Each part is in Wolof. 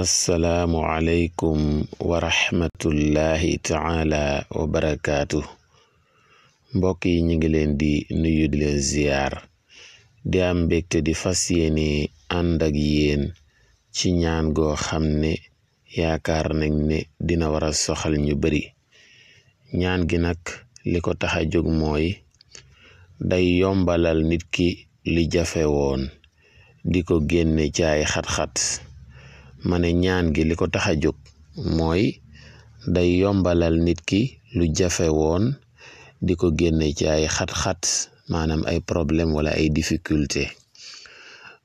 assalaamu aleykum wa rahmatullahi taala wa barakaatu mbokk yi ñu ngi leen di nuyu leen ziyaar di am mbégte di fas yéene ànd ak ci ñaan goo xam ne yaakaar nañ ne dina war a soxal ñu bari ñaan gi nag li ko tax a jóg mooy day yombalal nit ki li jafe woon di ko génne ci ay xat-xat ma ne ñaan gi li ko tax a jóg mooy day yombalal nit ki lu jafe woon di ko génne ci ay xat maanaam ay problème wala ay difficulté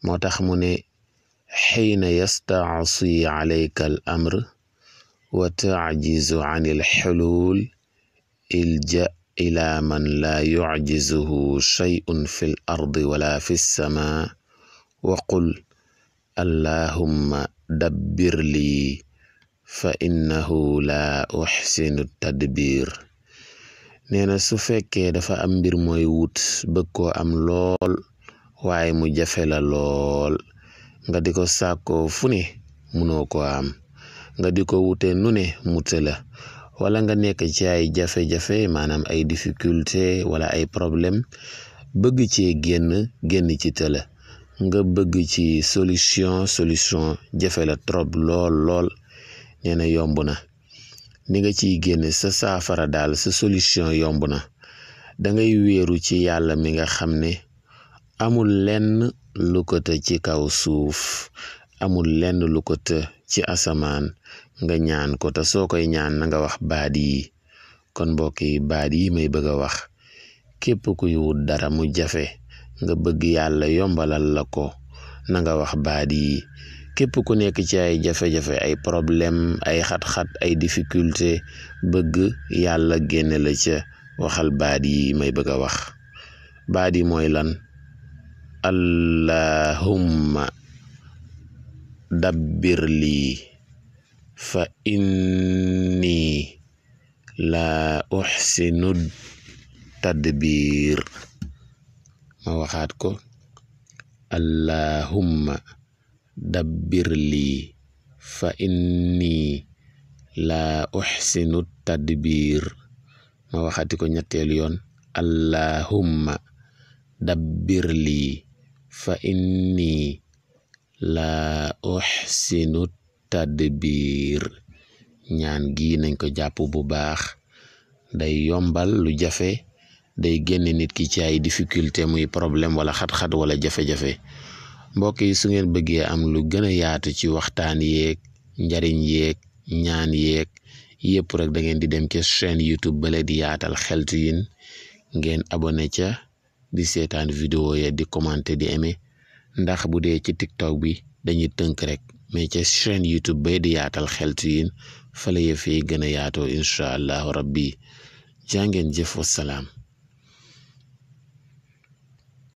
moo tax mu ne xiina yastaasi alayka al amr wa taajizu an il xuluul ilja ila man laa yujizuhu shay'un fi l wala fi lsama wa allahumma dabbir lii fa inna la uxsinu tadbir nee na su fekkee dafa am mbir mooy wut bëgg koo am lool waaye mu jafe la lool nga di ko sàkkoo fu ne munoo koo am nga di ko wute nu ne mute la wala nga nekk ci ay jafe-jafe maanaam ay difficulté wala ay problème bëgg ci génn génn ci tëla nga bëgg ci solution solution jafe la trop lool lool nee na yomb na ni nga ciy génne sa saafara daal sa solution yomb na ngay wéeru ci yàlla mi nga xam ne amul lenn lu ko ci kaw suuf amul lenn lu ko ci asamaan nga ñaan ko te soo koy ñaan na nga wax baat yi kon mbokk yi baat yi may bëgg a wax képp kuy wut dara mu jafe nga bëgg yàlla yombalal la ko na nga wax baat yi képp ku nekk ci ay jafe-jafe ay problème ay xat-xat ay difficulté bëgg yàlla génne la ca waxal baat yi may bëgg a wax baat yi mooy lan allahumma dabbir lii fa inni laa uxsinu tadbiir ma waxaat ko allahumma dabbir lii fa inni laa uxsinu tadbir ma waxaati ko ñetteelu yoon allahumma dabbir lii fa inni laa uxsinu tadbir ñaan gi nañ ko jàpp bu baax day yombal lu jafe day génne nit ki ci ay difficulté muy problème wala xat-xat wala jafe-jafe mbokk yi su ngeen bëggee am lu gën a yaatu ci waxtaan yeeg njariñ yeeg ñaan yeeg yëpp rek da ngeen di dem ca chaîne YouTube bale di yaatal xeltu yin ngeen abonné ca di seetaan vidéo ya di commenté di ndax bu dee ci TikTok bi dañuy tënk rek mais ca chaîne YouTube bay di yaatal xeltu yin fala yëf yi gën a yaatoo incha allahu rabbi jàngeen jëf salaam